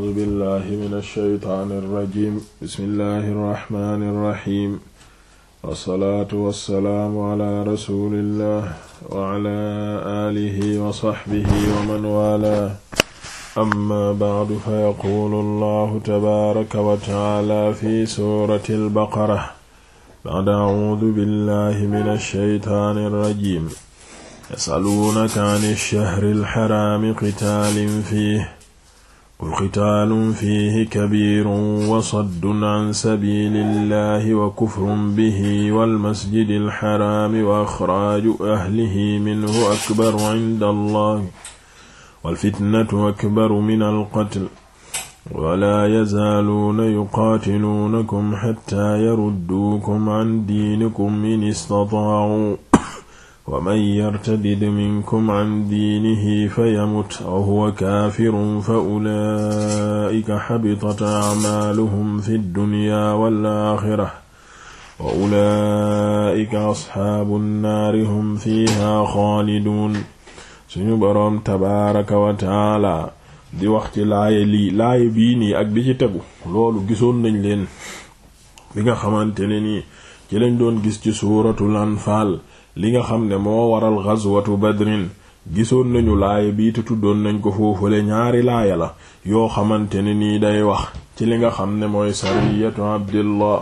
a'uuzu billahi mina shaytaani rajiim bismillahi rahmaani rahiim wassalaatu wassalaamu ala rasuulillah wa ala aalihi wa sahbihi wa man waalaahu amma ba'du fa yaquulu allahu tabaaraka wa ta'aala fi suurati al-baqara ba'da a'uuzu billahi mina shaytaani rajiim yas'aluunaka ani ash-shahri al-haraami qitaalin fiihi wa qitaalun fiihi kabiirun wa saddun an sabiilillahi wa kufrun bihi wal masjidil xaraami wa ixraaju ahlihi minhu akbaru inda allahi wal fitnatu akbaru minal qatl walaa yazaaluuna yuqaatiluunakum xattaa yarudduukum an diinikum in istataa'uu waman yartadid minkum can diinihi fayamut wa huwa kaafirun fa ulaa'ika xabitat acmaaluhum fi ddunyaa wal aaxira wa ulaa'ika asxaabu nnaari hum fiihaa xaaliduun suñu boroom tabaaraka wa taala di wax ci laaya lii laaya bii nii ak di ci tegu loolu gisoon nañ leen bi nga xamante ne nii ci lañ doon gis ci suuratul anfaal li nga xam ne moo waral ghazwatu badrin gisoon nañu laaya bii te tuddoon nañ ko foofule ñaari laaya la yoo xamante ne nii day wax ci li nga xam ne mooy sariyatu abdillah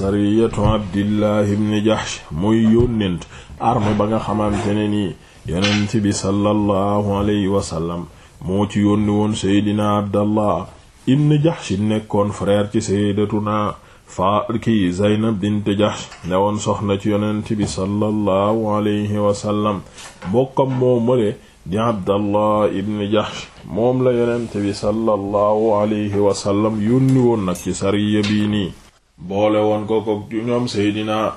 sariyatu abdillah ibn jahsh muy yónnent arme ba nga xamante ne nii yonent bi sallallahu alayhi wasallam moo ci yónni woon seydina abdallah ibn nekkoon frère ci sayyidatuna fa kii Zaynab bint Jahsh newoon soxna ci yonent bi sallallahu alayhi wasallam bokkam moo male di Abdallah ibn Jahsh moom la yonent bi sallallahu alayhi wasallam yónni woon nag ci sariya bii nii boole woon ko ko ñoom Seydina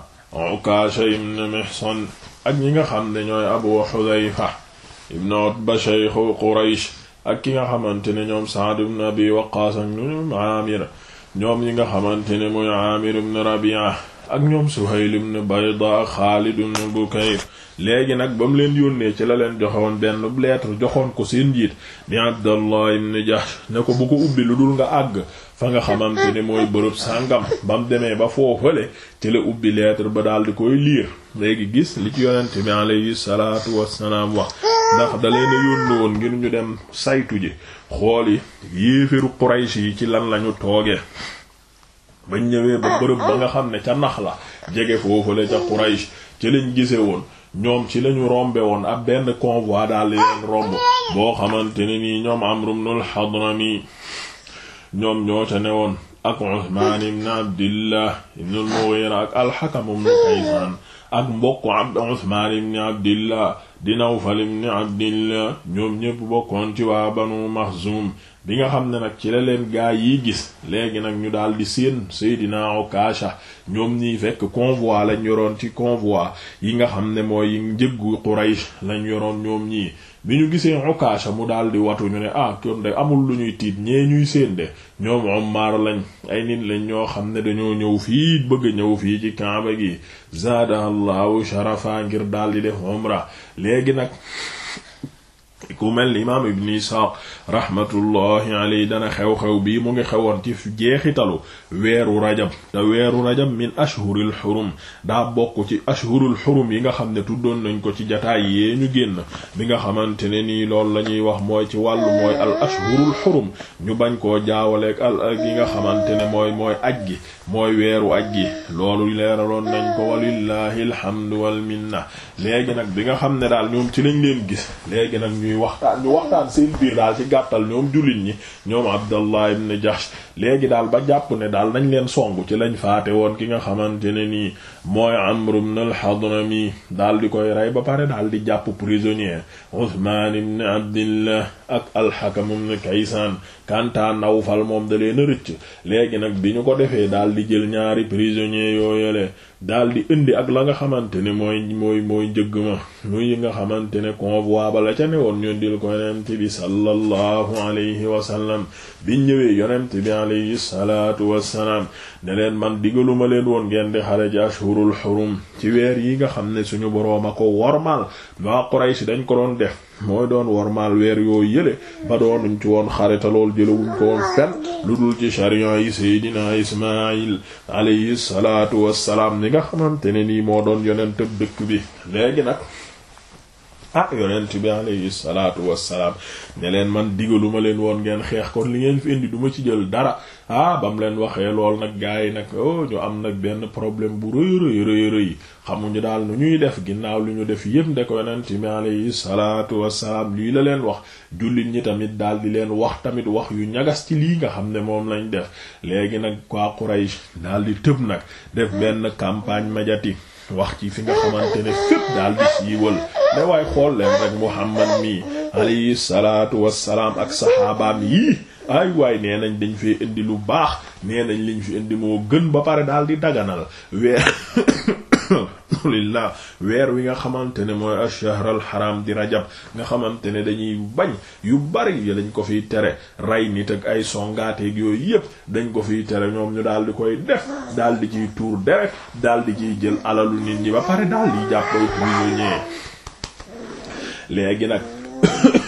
ak ñi nga xam ne ñooy Abu Hudayfa ibn Utba shaykhu Quraysh ak ki nga xamante ne ñoom Sa'd ibn Abi Waqqaas ak ñoom ñi nga xamante ne mooy Aamir ibn Rabi'a ak ñoom Suhayl ibn Bayda ak Xaalid ibn Bukayr léegi nag ba mu leen yónnee ci la leen joxewoon benn lettre joxoon ko seen njiit di Abdallah ibn Jahsh ne ko bu ko ubbi lu dul nga àgg fa nga xamante ne mooy bërëb sàngam ba mu demee ba foofale ci la ubbi lettre ba daal di koy liir léegi gis li ci yonente bi alayhi salaatu wassalaam wax ndax da leen a woon ngir ñu dem saytu ji xooli yéeféru Quraysh yi ci lan lañu tooge bañ ñëwee ba bërëb ba nga xam ne ca nax la jege foofu la ca Quraysh ci lañ gise woon ñoom ci lañu rombe woon ab benn convoi daal leen romb boo xamante ne nii ñoom Amru ibnul Hadrami ñoom ñoo ca ne woon ak Usmaan ibn Abdillah ibnul Mughira ak al-Hakam ibn ak mbokk abd Usmaan ibni abdillah di Nawfal ibni abdillah ñoom ñépp bokkoon ci waa Banu Maxsum bi nga xam ne nag ci la leen gaa yi gis léegi nag ñu daal di séen Seydina Okasha ñoom ñiy fekk convoi lañ yoroon ci convoi yi nga xam ne mooy njëggu Quraysh lañu yoroon ñoom ñii bi ñu gisee Ukaasha mu daldi di watu ñu ne ah kon de amul lu ñuy tiit ñee ñuy seen de ñoom Umar lañ ay nit lañ ñoo xam ne dañoo ñëw fii bëgg ñëw fii ci Kaaba gi zaadahallahu sharafa ngir daal di def umra léegi nag ku mel ni imaam Ibn Isaaq rahmatullahi alayhi dana xew-xew bii mu ngi xewoon ci jeexitalu weeru rajab te weeru rajab min ashhuril xurum daa bokk ci ashhurul xurum yi nga xam ne tuddoon nañ ko ci jataay yee ñu génn bi nga xamante ne nii loolu la ñuy wax mooy ci wàll mooy al ashhurul xurum ñu bañ koo jaawaleeg al ak yi nga xamante ne mooy mooy aj gi mooy weeru aj gi loolu leeraloon nañ ko walillahi alhamdu wal minna léegi nag bi nga xam ne daal ñoom ci lañ leen gis léegi nag ñuy waxtaan ñu waxtaan seen biir daal ci gàttal ñoom jullit ñi ñoom Abdallah léegi daal daal nañ leen songu ci lañ faate woon ki nga xamante ne nii mooy Amr ibn al-Hadrami daal di koy rey ba pare daal di jàpp prisonnier Usmaan ibn Abdillah ak al-Hakam ibn Kaysan kanta Nawfal moom da leen a rëcc léegi nag bi ñu ko defee daal di jël ñaari prisonnier yooyale daal di indi ak la nga xamante ne mooy mooy mooy njëgg ma muy nga xamante ne convoi ba la ca ne woon ñun dil ko yonent bi sallallahu alayhi wa sallam bi ñëwee yonent bi alayhi salaatu wa wassalaam ne man digaluma leen woon ngeen di xare ji ashhurul xurum ci weer yi nga xam ne suñu boroom a ko wormaal waa si dañ ko doon def mooy doon wormaal weer yooyu yële ba doonuñ ci woon xarita lool jëlawuñ ko woon fenn lu dul ci charion yi seydina ismail alayhi salaatu wassalaam ni nga xamante ne nii moo doon yonent dëkk bi léegi nag ah yonent bi alayhi salaatu wassalaam ne leen man digaluma leen woon ngeen xeex kon li ngeen fi indi du ma ci jël dara ah ba leen waxee lool nag gars yi nag oh ñu am nag benn problème bu rëy rëy rëy xamuñu daal nu ñuy def ginnaaw lu ñu def yëpp nde ko yonent bi alayhi salaatu wassalaam lii la leen wax jullit ñi tamit daal di leen wax tamit wax yu ñagas ci lii nga xam ne moom lañ def léegi nag waa Quraysh daal di tëb nag def benn campagne médiatique wax ci fi nga xamante ne fépp daal da waay xool leen rek Muhammad mi alayhi salaatu wassalaam ak saxaabaam yii ay waay nee nañ dañ fee indi lu baax nee nañ liñ fi indi moo gën ba pare daal di daganal weer weer wi nga xamante ne mooy ash-shahr al di rajab nga xamante ne dañuy bañ yu bari yi dañ ko fi tere rey nit ak ay songaateeg yooyu yëpp dañ ko fi tere ñoom ñu daal di koy def daal di ciy tuur deret daal di ciy jël alalu nit ñi ba pare daal di jàppay léegi nag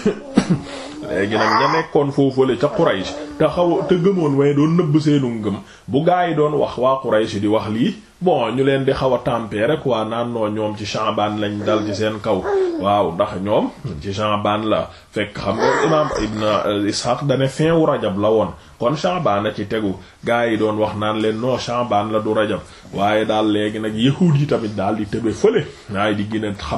léegi nag ña nekkoon foofule ca Quraysh te xaw te gëmoon waye doon nëbb seenu ngëm bu gaa yi doon wax waa Quraysh di wax lii bon ñu leen di xaw a rek waa naan noo ñoom ci Sha'ban lañ dal ci seen kaw waaw ndax ñoom ci Sha'ban la fekk xam nga imaam Ibn Ishaq dane fin wu rajab la woon kon Sha'ban la ci tegu gaa yi doon wax naan leen noo Sha'ban la du rajab waaye daal léegi nag yahuud yi tamit daal di tëbe fële waaye di gën a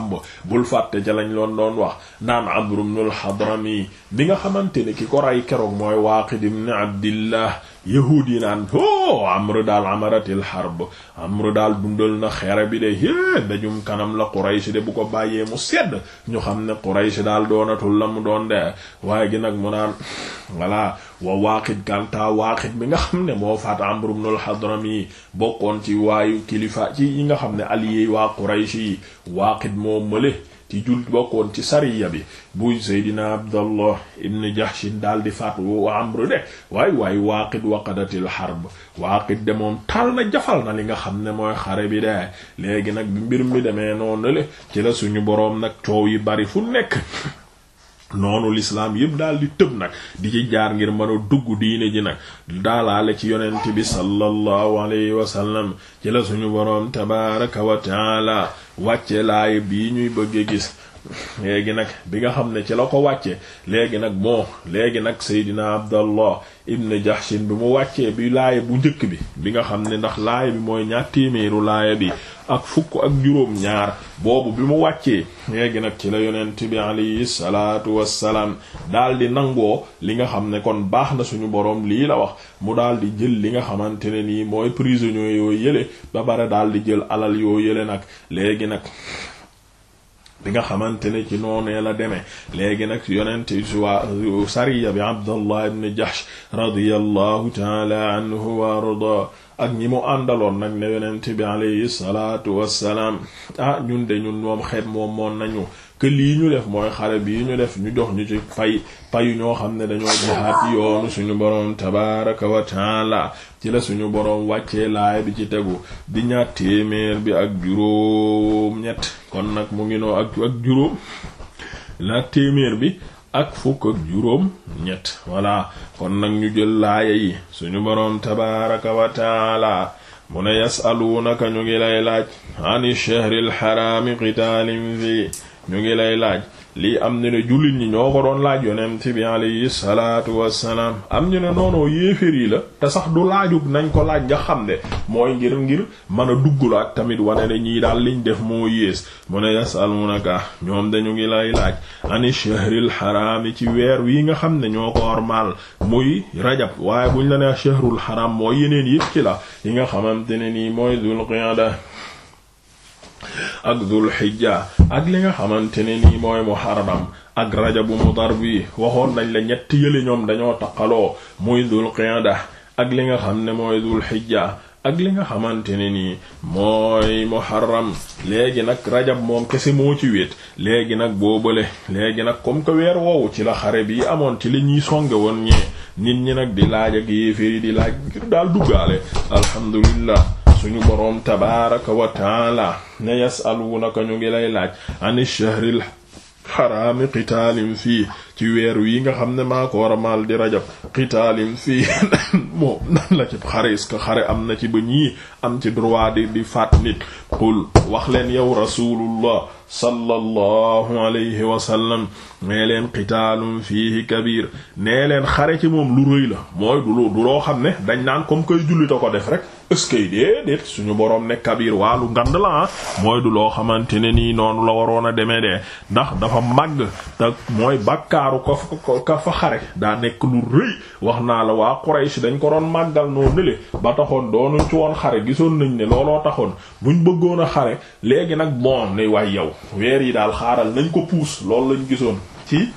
bul fàtte ca lañ loon doon wax naan Amr ibn al-Hadrami bi nga xamante ne ki ko ray keroog mooy Waaqid ibn Abdillah yahuud yi naan o oh, amr daal amaratil harb amr daal dundal na xere bi de é dajum kanam la Quraysh de bu ko bàyyee mu sedd ñu xam ne Quraysh daal doonatul la mu doon de waaye gi nag mu naan voilà wa waaqit gàntaa waaqit bi nga xam ne moo faat Amr ibn al-Hadrami bokkoon ci waayu kilifa ci yi nga xam ne allié waa Quraysh yi waaqit moo mële ci jul bokkoon ci sariya bi bu Seydina Abdallah ibn Jahshin daal di faat wa Amr de waay waay waaqid waqadatil harb waaqid de moom tal na jafal na li nga xam ne mooy xare bi de léegi nag bi mbir mi demee noonu le ci la suñu boroom nag coow yi bari fu nekk noonu lislaam yëpp daal di tëb nag di ci jaar ngir mën a dugg diine ji nag daalaale ci yonent bi sallallahu alayhi wa sallam ci la suñu boroom tabaaraka wa taala wàcce laay bii ñuy bëgge gis léegi nag bi nga xam ne ci la ko wàccee léegi nag bon léegi nag Seydina Abdallah ibn Jahshin bi mu wàccee bi laaya bu njëkk bi bi nga xam ne ndax laaya bi mooy ñaar téeméeru laaya bi ak fukk ak juróom ñaar boobu bi mu wàccee léegi nag ci la yonent bi alayhi salaatu wassalaam daal di nangoo li nga xam ne kon baax na suñu borom lii la wax mu daal di jël li nga xamante ne nii mooy prisonniers yoo yële ba bare daal di jël alal yoo yële nag léegi nag bi nga xamante ne ci noonee la demee léegi nag yonent waa sariya bi Abdallah ibn Jahsh radiyallahu taala anhu wa arda ak ñi mu àndaloon nag ne yonent bi alayhi salaatu wassalaam ah ñun de ñun moom xeet moom moon nañu que lii ñu def mooy xare bi ñu def ñu jox ñu ci pay payu ñoo xam ne dañoo jihaad yoonu suñu boroom tabaraka wa ci la suñu boroom wàccee laay bi ci tegu di ñaar téeméer bi ak juróom ñett kon nag mu ngi ak ak juróom la bi ak fukk ak juróom ñett voilà kon nag ñu jël laaya yi suñu boroom tabaraka wa mu ne yasaluunaka ñu ngi lay laaj ani shahril xaraami qitaalin fii ñu ngi lay laaj lii am ñu ne jullit ñi ñoo ko doon laaj yonent bi alayhi salaatu wassalaam am ñu ne noonoo yéeféer yi la te sax du laajug nañ ko laaj nga xam ne mooy ngir ngir mën a dugg la ak tamit wane ne ñii daal liñ def moo yées mu ne yasalunaka ñoom dañu ngi lay laaj ani shahril xaraami ci weer wi nga xam ne ñoo ko ormal muy rajab waaye buñ la ne shahrul xaraam mooy yeneen yëpp ci la yi nga xamante ne nii mooy dul qiyada ak Dul Hijja ak li nga xamante ne nii mooy Muharram ak Rajabu Mudar bii waxoon nañ la ñetti yële ñoom dañoo taqaloo muy Dul Qiyada ak li nga xam ne mooy Dul Hijja ak li nga xamante ne nii mooy Muharram léegi nag Rajab moom kese moo ci wéet léegi nag boobale léegi nag comme que weer woowu ci la xare bii amoon ci li ñuy songe woon ñee nit ñi nag di laaj ak yéeféer yi di laaj ngir daal duggaale alhamdulillah suñu boroom tabaaraka wa taala ne yasaluunaka ñu ngi lay laaj ani shahril xaraami qitaalin fii ci weer wi nga xam ne maa ko war a maal di rajab qitaalin fii moo nan la ci xare est xare am na ci ba ñii am ci droit di di faat nit qul wax leen yow rasulullah sallallahu alayhi wa sallam nee leen qitaalun fiihi kabir nee leen xare ci moom lu rëy la mooy du loo xam ne dañ naan comme koy jullit ko def rek est-ce déedéet suñu boroom ne kabir waa lu ngand la ah mooy du loo xamante ne nii noonu la waroon a demee de ndax dafa màgg te mooy bakkaaru ko ka fa xare daa nekk lu rëy wax naa la waa si dañ ko doon màggal noo nële ba taxoon doonuñ ci woon xare gisoon nañu ne looloo taxoon buñ bëggoon a xare léegi nag bon ne waay yow weer yi daal xaaral nañ ko puus loolu lañu gisoon ci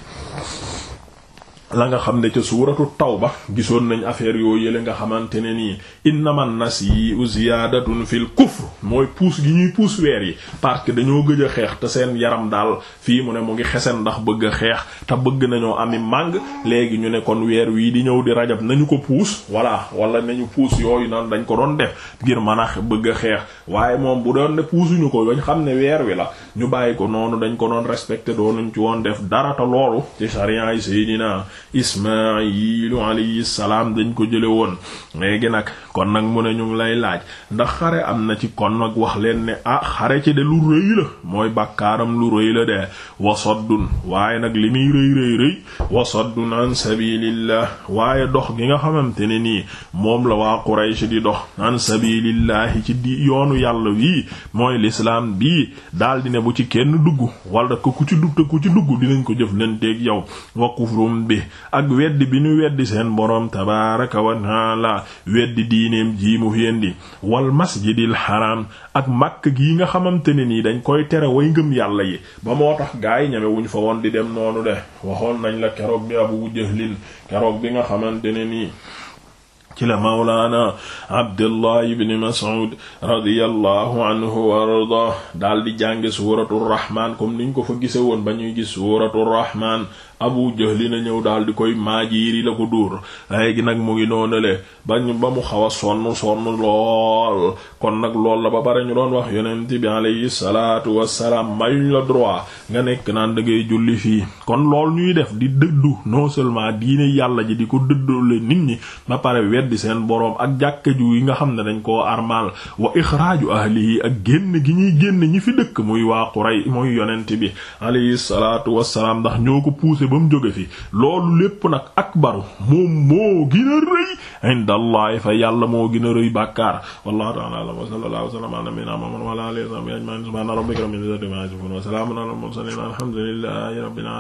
la nga xam ne ca suuratu ba gisoon nañu affaire yooyu yële nga xamante ne nii innaman nasiu ziyaadatun fil kufr mooy puus gi ñuy puus weer yi parce que dañoo gëj a xeex te seen yaram daal fii mu ne mu ngi xesen ndax bëgg xeex te bëgg nañoo ami màng léegi ñu ne kon weer wii di ñëw di rajab nañu ko puus voilà wala nañu puus yooyu nan dañ ko doon def ngir mën a bëgg a xeex waaye moom bu doon ne puusuñu ko bañ xam ne weer wi la ñu bàyyi ko noonu dañ ko doon respecté doonuñ ci woon def dara te loolu ci sariya yi Ismaayilu alayhi salaam dañ ko jële woon léegi nag kon nag mu ne ñu ngi lay laaj ndax xare am na ci kon nag wax leen ne ah xare ci de lu rëy mooy bàkkaaram lu rëyla la de wasoddun waaye nag li muy rëy rëy rëy wasoddun an sabilillah waaye dox gi nga xamante ne nii moom la waa Quraysh di dox an ci di yoonu yàlla wii mooy l'islam bii daldi ne bu ci kenn dugg walla ko ku ci dugg ku ci dugg dinañ ko jëf leen teeg yow wa kufrum bi ak weddi bi ñu weddi seen boroom tabaraka wa taala weddi diineem jii mu fi indi wal masjidil haram ak màkk gii nga xamante ne nii dañ koy tere way ngëm yàlla yi ba moo tax gaa yi ñame fa woon di dem noonu de waxoon nañ la keroog bi Abu Jahlin keroog bi nga xamante nii ci la mawlaana abdullah ibni mas'ud radiyallahu anhu wa arda daal di jànge suuratu rahmaan comme niñ ko fa gise woon ba ñuy gis suuratu rahmaan abu jahli na ñëw daal di koy yi la ko duur léegi nag mu ngi noonale bañ ba mu xaw a sonn sonn lool kon nag lool la ba pare ñu doon wax yonent bi alayhi salaatu wassalaam mayuñ la droit nga nekk naan da ngay julli fii kon lool ñuy def di dëddu non seulement diine yàlla ji di ko dëddule nit ñi ba pare weddi seen boroom ak jàkka ju yi nga xam ne dañ koo armal wa ixraaju ahlihi ak génn gi ñuy génn ñi fi dëkk muy waa Quraysh muy yonent bi alayhi salaatu wassalaam ndax ñoo ko poussé ba mu jóge fi loolu lépp nag akbaru moom moo gën a rëy inda allah fa yàlla moo gën a rëy bàkkaar wallahu ta'ala a'lam wa sallallahu wasallam ala nabiyyina muhammad wa ala alihi wa sahbihi ajma'in subhana rabbika rabbil izzati amma yasifun wa salamun ala al mursalin alhamdulillahi rabbil alamin